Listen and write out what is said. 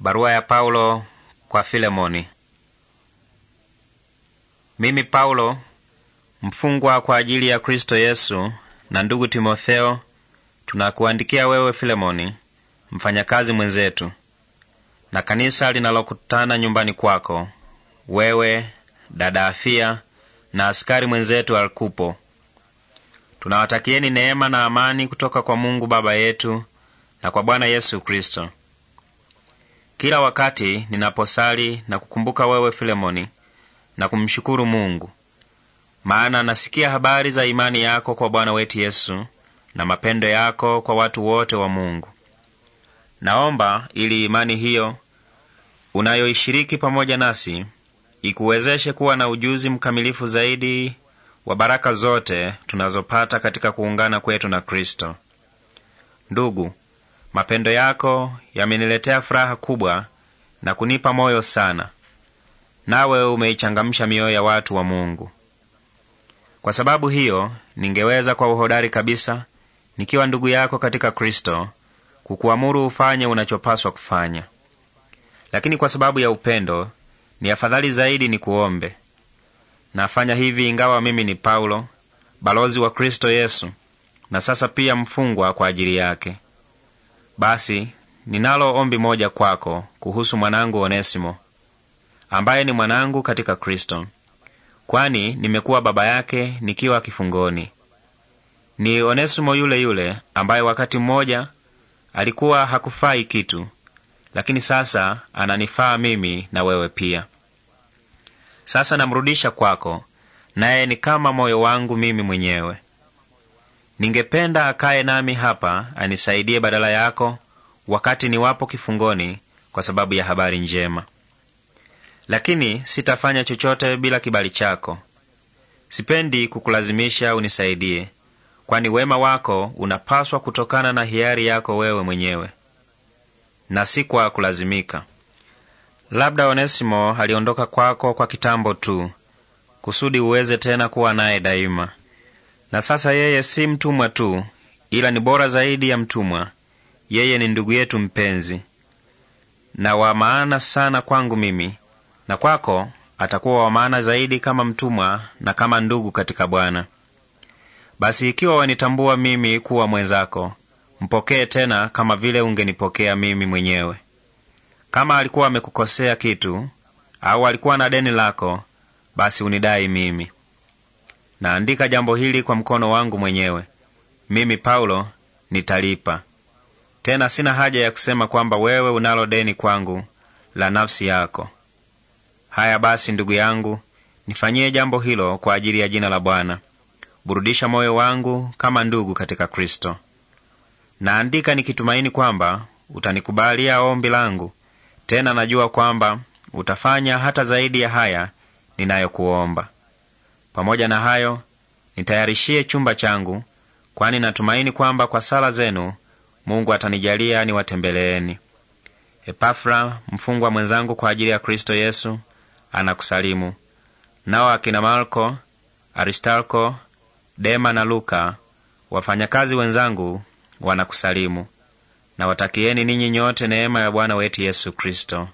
Barua ya Paulo kwa Filemoni. Mimi Paulo, mfungwa kwa ajili ya Kristo Yesu, na ndugu Timotheo, tunakuandikia wewe Filemoni, mfanyakazi mwenzetu, na kanisa linalokutana nyumbani kwako, wewe dada Afia na askari mwenzetu Alkupo. Tunawatakieni neema na amani kutoka kwa Mungu Baba yetu na kwa Bwana Yesu Kristo. Kila wakati ninaposali na kukumbuka wewe Filemoni na kumshukuru Mungu, maana nasikia habari za imani yako kwa Bwana wetu Yesu na mapendo yako kwa watu wote wa Mungu. Naomba ili imani hiyo unayoishiriki pamoja nasi ikuwezeshe kuwa na ujuzi mkamilifu zaidi wa baraka zote tunazopata katika kuungana kwetu na Kristo. Ndugu, Mapendo yako yameniletea furaha kubwa na kunipa moyo sana, nawe umeichangamsha mioyo ya watu wa Mungu. Kwa sababu hiyo, ningeweza kwa uhodari kabisa, nikiwa ndugu yako katika Kristo, kukuamuru ufanye unachopaswa kufanya. Lakini kwa sababu ya upendo, ni afadhali zaidi ni kuombe Nafanya hivi ingawa mimi ni Paulo, balozi wa Kristo Yesu, na sasa pia mfungwa kwa ajili yake. Basi ninalo ombi moja kwako kuhusu mwanangu Onesimo, ambaye ni mwanangu katika Kristo, kwani nimekuwa baba yake nikiwa kifungoni. Ni Onesimo yule yule ambaye wakati mmoja alikuwa hakufai kitu, lakini sasa ananifaa mimi na wewe pia. Sasa namrudisha kwako, naye ni kama moyo wangu mimi mwenyewe. Ningependa akaye nami hapa anisaidie badala yako wakati niwapo kifungoni kwa sababu ya habari njema, lakini sitafanya chochote bila kibali chako. Sipendi kukulazimisha unisaidie, kwani wema wako unapaswa kutokana na hiari yako wewe mwenyewe na si kwa kulazimika. Labda Onesimo aliondoka kwako kwa kitambo tu, kusudi uweze tena kuwa naye daima. Na sasa yeye si mtumwa tu, ila ni bora zaidi ya mtumwa. Yeye ni ndugu yetu mpenzi na wa maana sana kwangu mimi, na kwako atakuwa wa maana zaidi kama mtumwa na kama ndugu katika Bwana. Basi ikiwa wanitambua mimi kuwa mwenzako, mpokee tena kama vile ungenipokea mimi mwenyewe. Kama alikuwa amekukosea kitu au alikuwa na deni lako, basi unidai mimi. Naandika jambo hili kwa mkono wangu mwenyewe. Mimi Paulo nitalipa. Tena sina haja ya kusema kwamba wewe unalo deni kwangu la nafsi yako. Haya basi, ndugu yangu, nifanyie jambo hilo kwa ajili ya jina la Bwana. Burudisha moyo wangu kama ndugu katika Kristo. Naandika nikitumaini kwamba utanikubalia ombi langu, tena najua kwamba utafanya hata zaidi ya haya ninayokuomba. Pamoja na hayo, nitayarishie chumba changu, kwani natumaini kwamba kwa sala zenu Mungu atanijalia niwatembeleeni. Epafra, mfungwa mwenzangu kwa ajili ya Kristo Yesu, anakusalimu. Nao akina Marko, Aristarko, Dema na Luka, wafanyakazi wenzangu, wanakusalimu. Na watakieni ninyi nyote neema ya Bwana wetu Yesu Kristo.